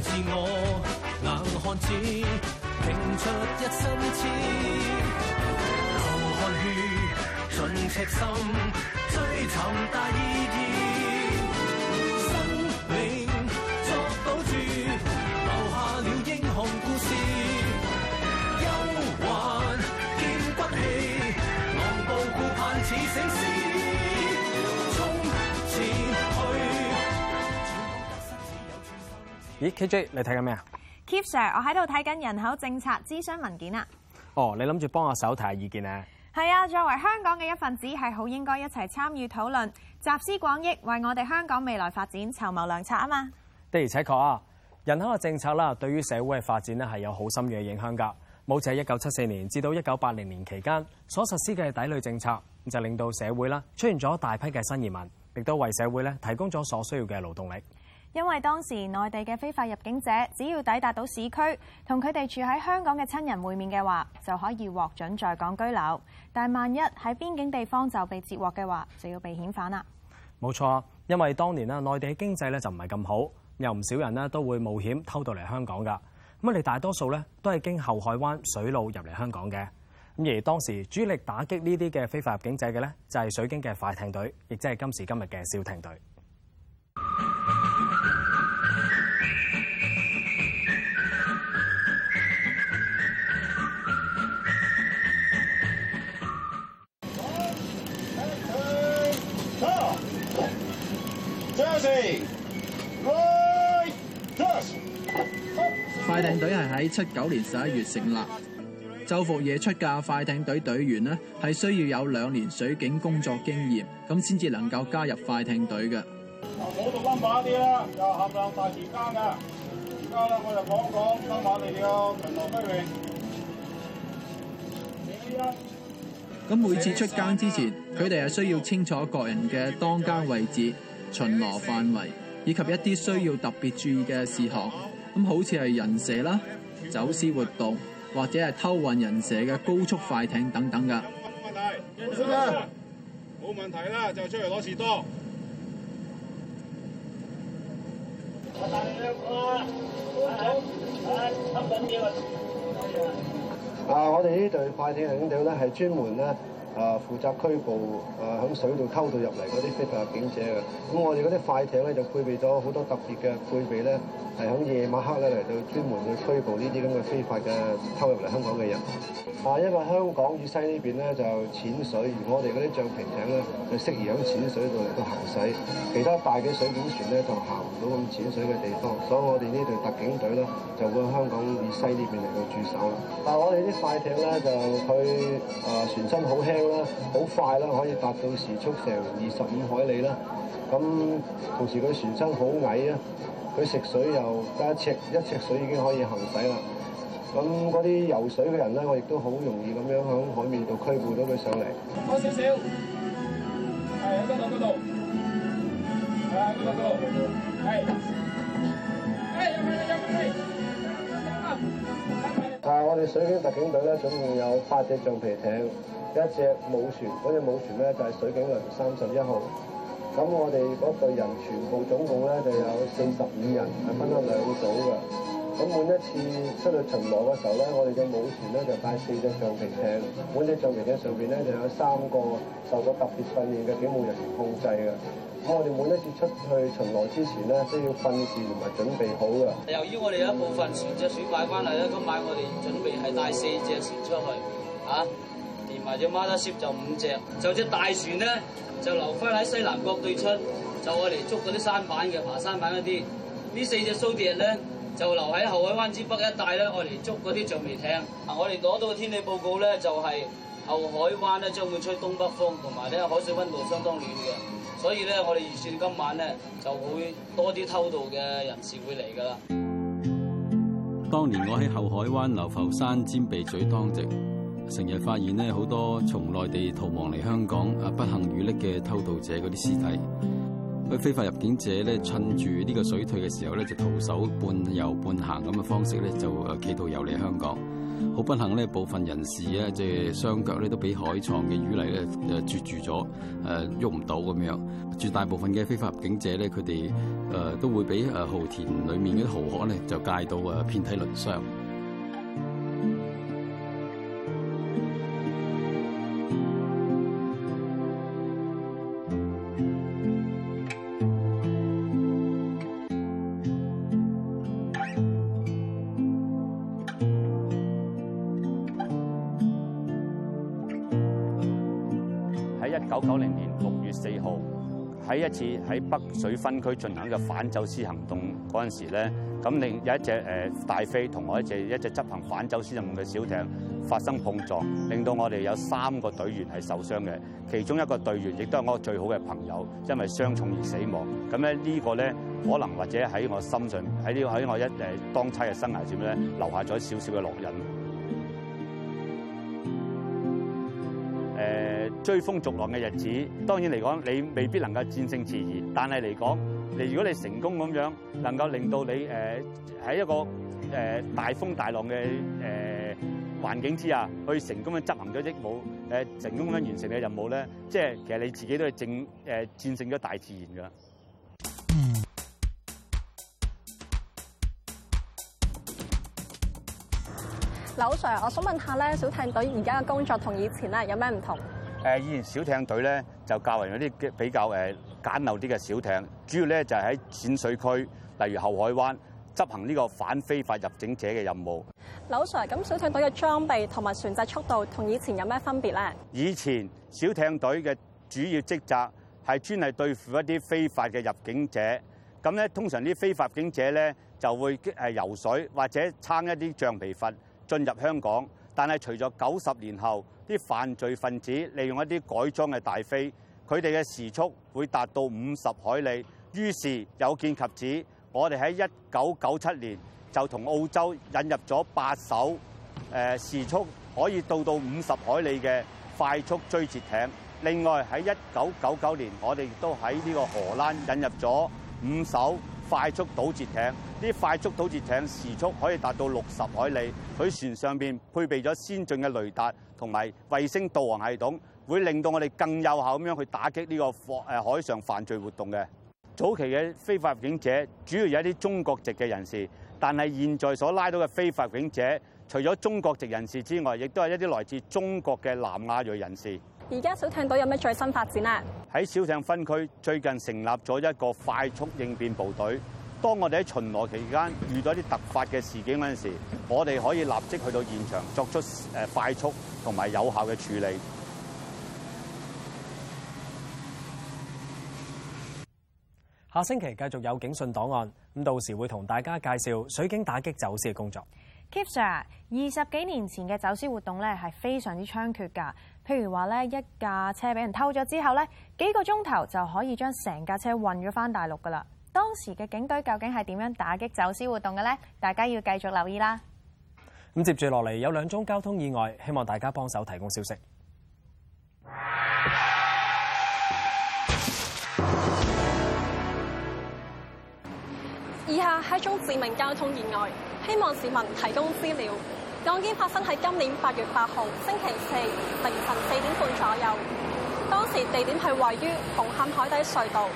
自我冷漢子，拼出一身痴，流汗血，盡赤心，追尋大意義。咦，KJ，你睇緊咩啊？Keep Sir，我喺度睇緊人口政策諮詢文件啊。哦，你諗住幫我手提下意見啊？係啊，作為香港嘅一份子，係好應該一齊參與討論，集思廣益，為我哋香港未來發展籌謀良策啊嘛！的而且確啊，人口嘅政策啦，對於社會嘅發展呢係有好深遠嘅影響㗎。冇似一九七四年至到一九八零年期間所實施嘅抵壘政策，就令到社會啦出現咗大批嘅新移民，亦都為社會咧提供咗所需要嘅勞動力。因為當時內地嘅非法入境者，只要抵達到市區，同佢哋住喺香港嘅親人會面嘅話，就可以獲准在港居留。但係萬一喺邊境地方就被截獲嘅話，就要被遣返啦。冇錯，因為當年啦，內地嘅經濟咧就唔係咁好，有唔少人咧都會冒險偷渡嚟香港噶。咁你大多數咧都係經後海灣水路入嚟香港嘅。咁而當時主力打擊呢啲嘅非法入境者嘅咧，就係水警嘅快艇隊，亦即係今時今日嘅小艇隊。快艇隊係喺七九年十一月成立。周福野出嘅快艇隊隊員呢，係需要有兩年水警工作經驗，咁先至能夠加入快艇隊嘅。時間我就講講，咁每次出更之前，佢哋係需要清楚各人嘅當更位置，巡邏範圍以及一啲需要特別注意嘅事項，咁好似係人蛇啦、走私活動或者係偷運人蛇嘅高速快艇等等噶。冇問題，冇問題啦，就出嚟攞士多。啊！我哋呢隊快艇領隊咧係專門咧。啊！負責拘捕啊！喺水度偷渡入嚟嗰啲非法入境者嘅，咁我哋嗰啲快艇咧就配備咗好多特別嘅配備咧，係喺夜晚黑咧嚟到專門去拘捕呢啲咁嘅非法嘅偷入嚟香港嘅人。啊，因為香港以西邊呢邊咧就淺水，而我哋嗰啲橡皮艇咧就適宜喺淺水度嚟到行駛，其他大嘅水警船咧就行唔到咁淺水嘅地方，所以我哋呢隊特警隊咧就會香港以西呢邊嚟到駐守啦。但係我哋啲快艇咧就佢、啊、船身好輕。好快啦，可以達到時速成二十五海里啦。咁同時佢船身好矮啊，佢食水又得一尺，一尺水已經可以行駛啦。咁嗰啲游水嘅人咧，我亦都好容易咁樣喺海面度拘捕到佢上嚟。多少少，係喺嗰度，嗰度，係嗰度，嗰度，係，係，有係。我哋水警特警隊咧總共有八隻橡皮艇，一隻母船，嗰隻母船咧就係水警輪三十一號。咁我哋嗰個人全部總共咧就有四十五人，係分咗兩組嘅。咁每一次出去巡邏嘅時候咧，我哋嘅母船咧就帶四隻橡皮艇，每隻橡皮艇上面咧就有三個受過特別訓練嘅警務人員控制嘅。我哋每一次出去巡邏之前咧都要訓練同埋準備好嘅。由於我哋有一部分船隻船買翻嚟啦，今晚我哋準備係帶四隻船出去，啊同埋隻馬達蝦就五隻，就隻大船咧就留翻喺西南角對出，就我哋捉嗰啲山板嘅爬山板嗰啲。呢四隻蘇鐵咧就留喺後海灣之北一帶咧，我哋捉嗰啲橡皮艇。啊，我哋攞到嘅天氣報告咧，就係後海灣咧將會吹東北風，同埋咧海水溫度相當暖嘅。所以咧，我哋預算今晚咧就會多啲偷渡嘅人士會嚟噶啦。當年我喺後海灣流浮山尖鼻咀當值。成日發現咧好多從內地逃亡嚟香港啊，不幸遇溺嘅偷渡者嗰啲屍體。嗰非法入境者咧趁住呢個水退嘅時候咧，就徒手半遊半行咁嘅方式咧就誒企圖遊嚟香港。好不幸咧，部分人士咧即係雙腳咧都俾海牀嘅淤泥咧誒捉住咗啜住咗誒喐唔到咁樣。絕大部分嘅非法入境者咧，佢哋誒都會俾誒蠔田裡面嗰啲蠔殼咧就界到誒遍體鱗傷。次喺北水分區進行嘅反走私行動嗰陣時咧，咁另有一隻誒大飛同我一隻一隻執行反走私任務嘅小艇發生碰撞，令到我哋有三個隊員係受傷嘅，其中一個隊員亦都係我最好嘅朋友，因為傷重而死亡。咁咧呢個咧可能或者喺我心上，喺呢個喺我一誒當差嘅生涯上咧，留下咗少少嘅烙印。追風逐浪嘅日子，當然嚟講，你未必能夠戰勝自然，但係嚟講，你如果你成功咁樣，能夠令到你誒喺、呃、一個誒、呃、大風大浪嘅誒環境之下，去成功咁執行咗、呃、任務，誒成功咁完成嘅任務咧，即係其實你自己都係正誒、呃、戰勝咗大自然噶。嗱，劉 Sir，我想問下咧，小艇隊而家嘅工作同以前咧有咩唔同？誒以前小艇隊咧就教為較為嗰啲比較誒簡陋啲嘅小艇，主要咧就係喺淺水區，例如後海灣執行呢個反非法入境者嘅任務。劉 sir，咁小艇隊嘅裝備同埋船隻速度同以前有咩分別咧？以前小艇隊嘅主要職責係專係對付一啲非法嘅入境者。咁咧通常啲非法入境者咧就會誒游水或者撐一啲橡皮筏進入香港。但係，除咗九十年後，啲犯罪分子利用一啲改裝嘅大飛，佢哋嘅時速會達到五十海里。於是有見及此，我哋喺一九九七年就同澳洲引入咗八艘誒時速可以到到五十海里嘅快速追截艇。另外喺一九九九年，我哋亦都喺呢個荷蘭引入咗五艘快速堵截艇，啲快速堵截艇時速可以達到六十海里。喺船上邊配備咗先進嘅雷達同埋衛星導航系統，會令到我哋更有效咁樣去打擊呢個貨誒海上犯罪活動嘅。早期嘅非法入境者主要有一啲中國籍嘅人士，但係現在所拉到嘅非法入境者，除咗中國籍人士之外，亦都係一啲來自中國嘅南亞裔人士。而家小艇隊有咩最新發展咧？喺小艇分區最近成立咗一個快速應變部隊。當我哋喺巡邏期間遇到一啲突發嘅事件嗰陣時，我哋可以立即去到現場作出快速同埋有效嘅處理。下星期繼續有警訊檔案。咁，到時會同大家介紹水警打擊走私嘅工作。Kip Sir，二十幾年前嘅走私活動咧，係非常之猖獗噶。譬如話咧，一架車俾人偷咗之後咧，幾個鐘頭就可以將成架車運咗翻大陸噶啦。當時嘅警隊究竟係點樣打擊走私活動嘅咧？大家要繼續留意啦。咁接住落嚟有兩宗交通意外，希望大家幫手提供消息。以下係一宗致命交通意外，希望市民提供資料。案件發生喺今年八月八號星期四凌晨四點半左右，當時地點係位於紅磡海底隧道，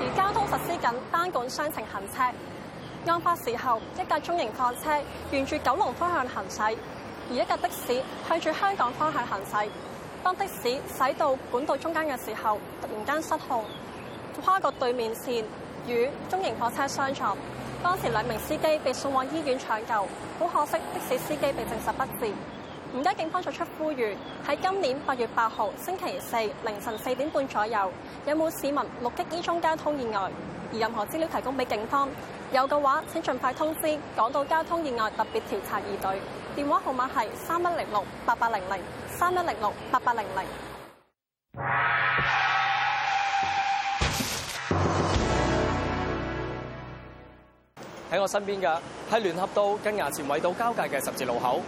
而交通實施緊單管雙程行車。案發時候，一架中型貨車沿住九龍方向行駛，而一架的士向住香港方向行駛。當的士駛到管道中間嘅時候，突然間失控，跨過對面線，與中型貨車相撞。當時兩名司機被送往醫院搶救，好可惜，的士司機被證實不治。而家警方作出呼籲，喺今年八月八號星期四凌晨四點半左右，有冇市民目擊呢宗交通意外？而任何資料提供俾警方，有嘅話，請盡快通知港島交通意外特別調查二隊，電話號碼係三一零六八八零零三一零六八八零零。喺我身邊嘅，係聯合道跟衙前圍道交界嘅十字路口，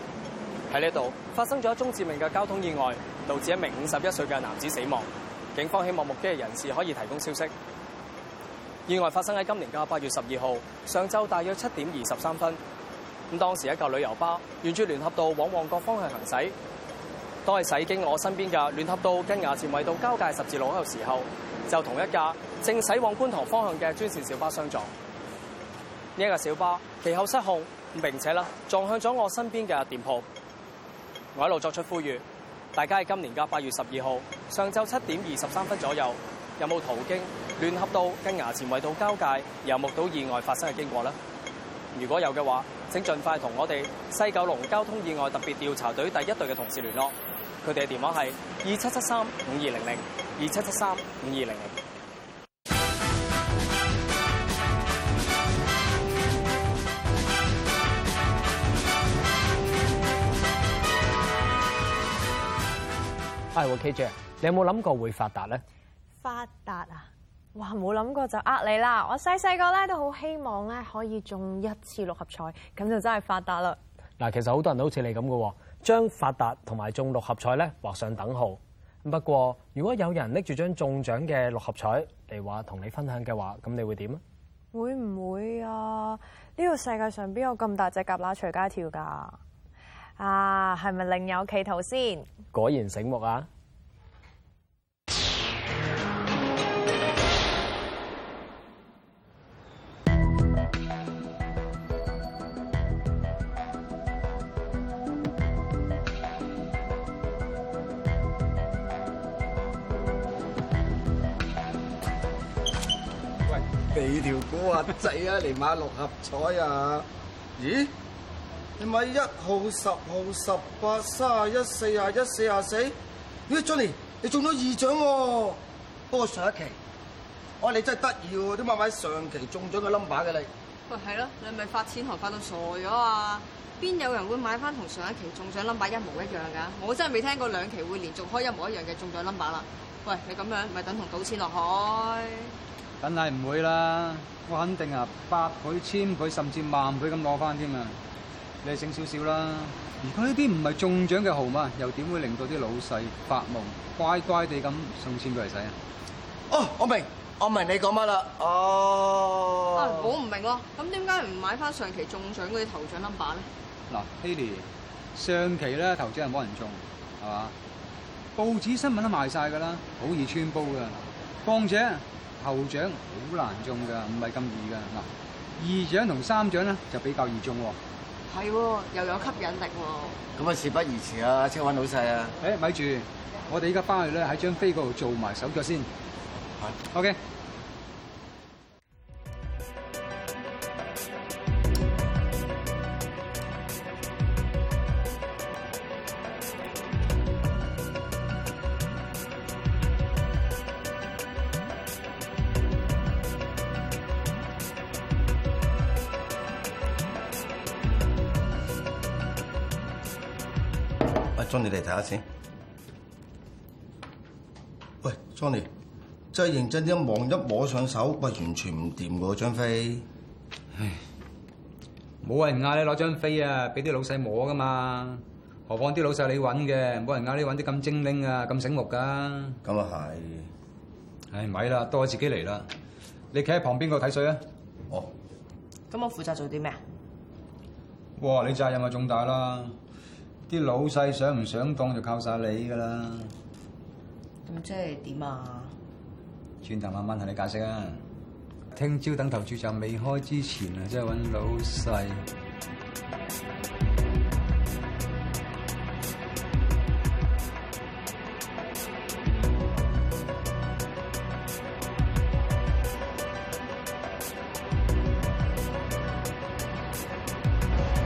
喺呢度發生咗一宗致命嘅交通意外，導致一名五十一歲嘅男子死亡。警方希望目擊嘅人士可以提供消息。意外發生喺今年嘅八月十二號上晝大約七點二十三分，咁當時一架旅遊巴沿著聯合道往旺角方向行駛，當係駛經我身邊嘅聯合道跟衙前圍道交界十字路口的時候，就同一架正駛往觀塘方向嘅專線小巴相撞。呢、這、一個小巴其後失控，並且啦撞向咗我身邊嘅店鋪。我一路作出呼籲，大家喺今年嘅八月十二號上晝七點二十三分左右，有冇途經聯合道跟衙前圍道交界，有目睹意外發生嘅經過呢？如果有嘅話，請盡快同我哋西九龍交通意外特別調查隊第一隊嘅同事聯絡。佢哋嘅電話係二七七三五二零零，二七七三五二零零。係、哎、KJ 你有冇諗過會發達咧？發達啊！哇，冇諗過就呃你啦！我細細個咧都好希望咧可以中一次六合彩，咁就真係發達啦！嗱，其實好多人都好似你咁噶，將發達同埋中六合彩咧畫上等號。不過如果有人拎住張中獎嘅六合彩嚟話同你分享嘅話，咁你會點啊？會唔會啊？呢個世界上邊有咁大隻蛤乸隨街跳噶？啊，係咪另有企圖先？果然醒目啊！喂，你條歌啊仔啊，嚟買六合彩啊？咦？你買一號、十號、十八、三十一、四十一、四十四。咦、哎、Jenny 你中咗二獎喎，啊，不過上一期。我、哎、話你真係得意喎，啲乜鬼上期中咗個 number 嘅你。喂，係咯，你係咪發錢寒發到傻咗啊！邊有人會買翻同上一期中獎 number 一模一樣㗎？我真係未聽過兩期會連續開一模一樣嘅中獎 number 啦。喂，你咁樣咪等同賭錢落海。梗係唔會啦，我肯定啊，百倍、千倍甚至萬倍咁攞翻添啊！你醒少少啦！如果呢啲唔係中獎嘅號碼，又點會令到啲老細發夢，乖乖地咁送錢過嚟使啊？哦、oh，我明，oh... ah, 我明你講乜啦？哦，我唔明咯。咁點解唔買翻上期中獎嗰啲頭獎 number 咧？嗱，Hailey，上期咧頭獎係冇人中，係嘛？報紙新聞都賣晒㗎啦，好易穿煲㗎。況且頭獎好難中㗎，唔係咁易㗎。嗱，二獎同三獎咧就比較易中喎。係喎，又有吸引力喎。咁啊，事不宜遲啊，請揾老細啊。誒，咪住，我哋依家返去咧，喺張飛嗰度做埋手腳先。好，OK。張你哋睇下先。喂，Johnny，真係認真啲，一望一摸上手，喂，完全唔掂噶張飛。唉，冇人嗌你攞張飛啊，俾啲老細摸噶嘛。何況啲老細你搵嘅，冇人嗌你搵啲咁精靈啊，咁醒目噶。咁啊係。唉，咪啦，到我自己嚟啦，你企喺旁邊個睇水啊。哦。咁我負責做啲咩啊？哇，你責任咪重大啦。啲老細想唔想當就靠晒你㗎啦。咁即係點啊？轉頭慢慢同你解釋啊。聽朝等投注站未開之前啊，即係揾老細。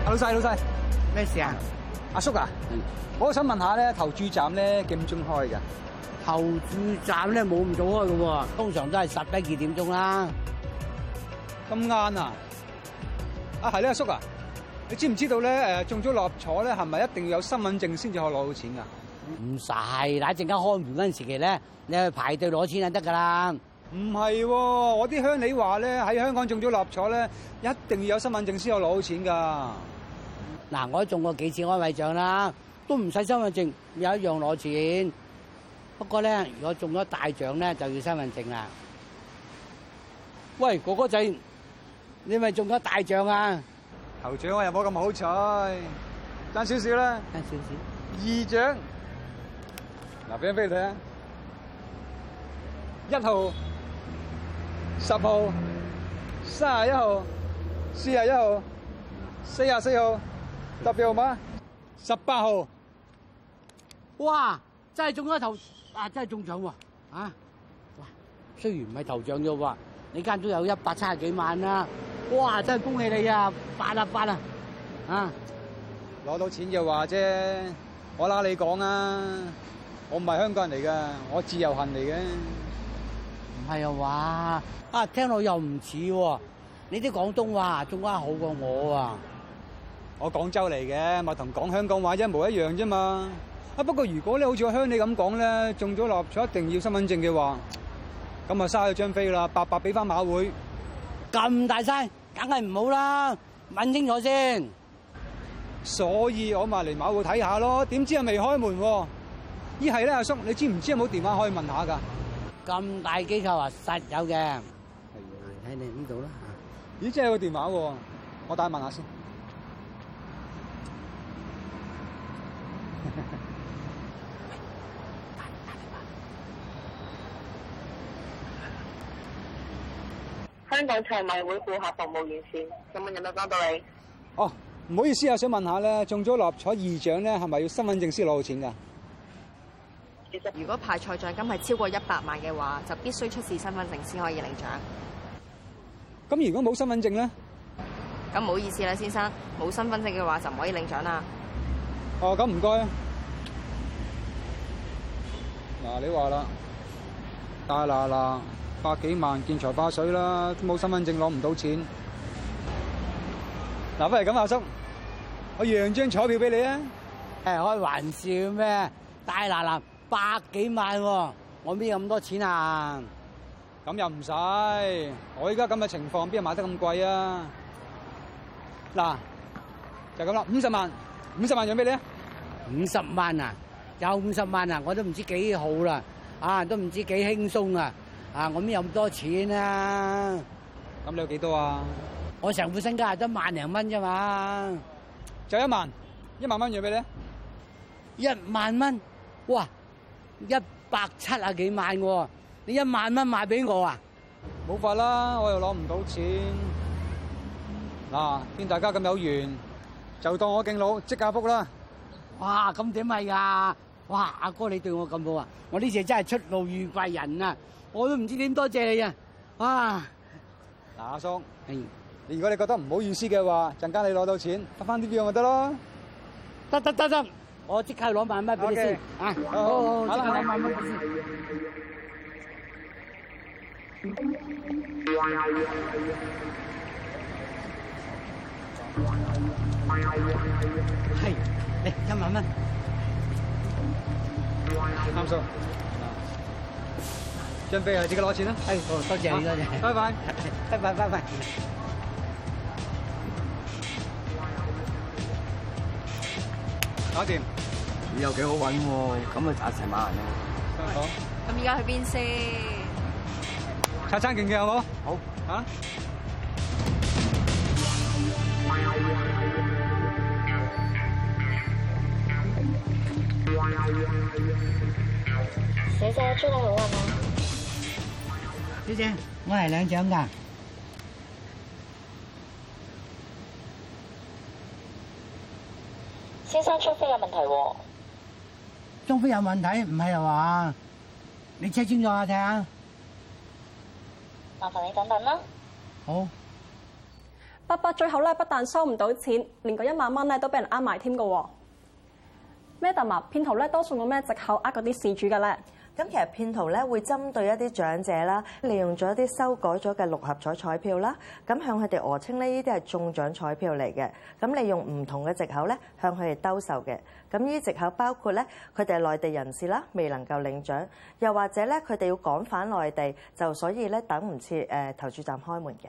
老細，老細，咩事啊？阿叔啊，嗯、我想問下咧，投注站咧幾點鐘開噶？投注站咧冇咁早開噶喎，通常都係十一二點鐘啦。咁啱啊？啊係咧，阿叔啊，你知唔知道咧？誒，中咗六合彩咧，係咪一定要有身份證先至可以攞到錢噶，啊？唔使，陣間開門嗰陣時期咧，你去排隊攞錢就得噶啦。唔係，啊，我啲鄉里話咧，喺香港中咗六合彩咧，一定要有身份證先可以攞到錢噶。嗱、啊，我中過幾次安慰獎啦，都唔使身份證，有一樣攞錢。不過咧，如果中咗大獎咧，就要身份證啦。喂，哥哥仔，你咪中咗大獎啊？頭獎我又冇咁好彩，爭少少啦。爭少少。二獎。嗱，畀畀你睇吖，一號、十號、三十一號、四十一號、四十四號。達標嗎？十八號，哇，真係中咗頭啊！真係中獎喎，啊！雖然唔係頭獎啫喎，你間都有一百七十幾萬啦，哇！真係恭喜你啊，八啊八啊，啊！攞到錢就話啫，我拉你講啊，我唔係香港人嚟噶，我自由行嚟嘅。唔係啊哇，啊，聽落又唔似喎，你啲廣東話仲加好過我啊！我廣州嚟嘅,咪同講香港話一模一樣啫嘛。香港賽馬會顧客服務熱線，請問有冇人能幫到你？哦，唔好意思，啊，想問下咧，中咗六合彩二等獎咧，係咪要身份證先攞到錢噶？其實，如果派彩獎金係超過一百萬嘅話，就必須出示身份證先可以領獎。咁如果冇身份證咧？咁唔好意思啦，先生，冇身份證嘅話就唔可以領獎啦。哦，咁唔該。嗱，你話啦，啦啦啦。啊啊百幾萬見財花水啦，都冇身份證攞唔到錢。嗱，不如咁阿叔，我讓張彩票俾你啊！誒，開玩笑咩？大拿拿百幾萬，我邊有咁多錢啊？咁又唔使，我依家咁嘅情況，邊度買得咁貴啊？嗱，就咁啦，五十萬，五十萬讓俾你啊！五十萬啊，有五十萬啊，我都唔知幾好啦，啊，都唔知幾輕鬆啊！啊！我邊有咁多錢啊？咁你有幾多啊？我成副身家得萬零蚊啫嘛，就一萬，一萬蚊嘢俾你，一萬蚊，哇，一百七啊幾萬喎！你一萬蚊賣俾我啊？冇法啦，我又攞唔到錢。嗱，見大家咁有緣，就當我敬老積下福啦。哇！咁點咪呀？哇！阿哥你對我咁好啊！我呢次真係出路遇貴人啊！我都唔知點多謝你啊！哇！嗱，阿叔，你如果你覺得唔好意思嘅話，陣間你攞到錢，得返啲表就得咯。得得得得，我即刻攞萬蚊俾你先。啊，好，好，好，即刻攞萬蚊俾你先。係，嚟一萬蚊。啱收。準備啊！自己攞錢啦！哎，好，多謝，謝多謝，拜拜，拜拜拜拜。搞掂，又幾好揾喎，咁咪賺成萬啦。好，咁而家去邊先？擦餐勁嘅，好冇？好，嚇、啊。小姐知道我嗎？小姐，我係兩張噶。先生，出飛中飛有問題喎，中非有問題唔係啊嘛？你車轉左下睇下，麻煩你等等啦。好。伯伯，最後咧，不但收唔到錢，連個一萬蚊咧都俾人呃埋添噶。咩特物？騙徒咧，多數用咩藉口呃嗰啲事主噶咧？咁其實騙徒咧會針對一啲長者啦，利用咗一啲修改咗嘅六合彩彩票啦，咁向佢哋訛稱咧呢啲係中獎彩票嚟嘅，咁利用唔同嘅藉口咧向佢哋兜售嘅。咁呢啲藉口包括咧佢哋係內地人士啦，未能夠領獎，又或者咧佢哋要趕返內地，就所以咧等唔切誒投注站開門嘅。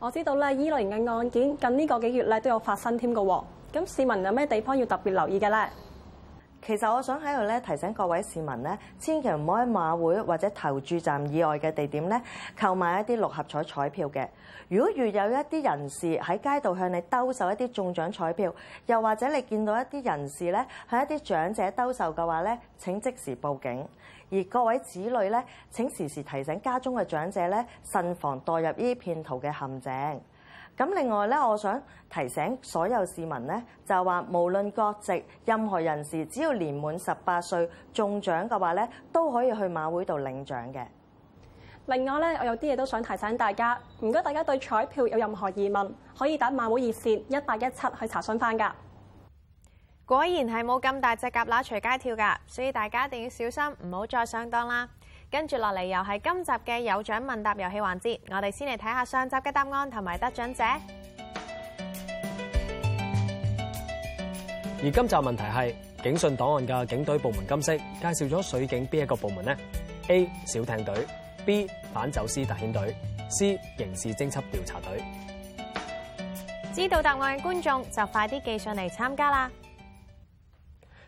我知道咧依類型嘅案件近呢個幾月咧都有發生添㗎喎，咁市民有咩地方要特別留意嘅咧？其實我想喺度咧提醒各位市民咧，千祈唔好喺馬會或者投注站以外嘅地點咧購買一啲六合彩彩票嘅。如果遇有一啲人士喺街道向你兜售一啲中獎彩票，又或者你見到一啲人士咧向一啲長者兜售嘅話咧，請即時報警。而各位子女咧，請時時提醒家中嘅長者咧，慎防墮入呢啲騙徒嘅陷阱。咁另外咧，我想提醒所有市民咧，就話無論國籍，任何人士只要年滿十八歲中獎嘅話咧，都可以去馬會度領獎嘅。另外咧，我有啲嘢都想提醒大家，唔該大家對彩票有任何疑問，可以打馬會熱線一八一七去查詢翻噶。果然係冇咁大隻蛤乸隨街跳噶，所以大家一定要小心，唔好再上當啦。跟住落嚟又係今集嘅有獎問答遊戲環節，我哋先嚟睇下上集嘅答案同埋得獎者。而今集問題係警訊檔案嘅警隊部門今昔介紹咗水警邊一個部門呢？A 小艇隊，B 反走私特遣隊，C 刑事偵緝調查隊。知道答案嘅觀眾就快啲寄上嚟參加啦！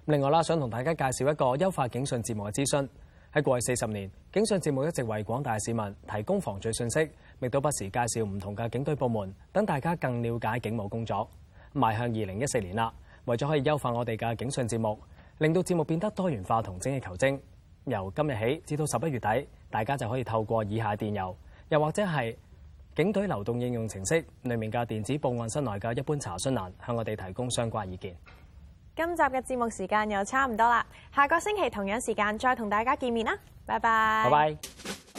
另外啦，想同大家介紹一個優化警訊節目嘅諮詢。喺過去四十年，警訊節目一直為廣大市民提供防罪信息，亦都不時介紹唔同嘅警隊部門，等大家更了解警務工作。邁向二零一四年啦，為咗可以優化我哋嘅警訊節目，令到節目變得多元化同精益求精，由今日起至到十一月底，大家就可以透過以下電郵又或者係警隊流動應用程式裏面嘅電子報案室內嘅一般查詢欄，向我哋提供相關意見。今集嘅節目時間又差唔多啦，下個星期同樣時間再同大家見面啦，拜拜，拜拜。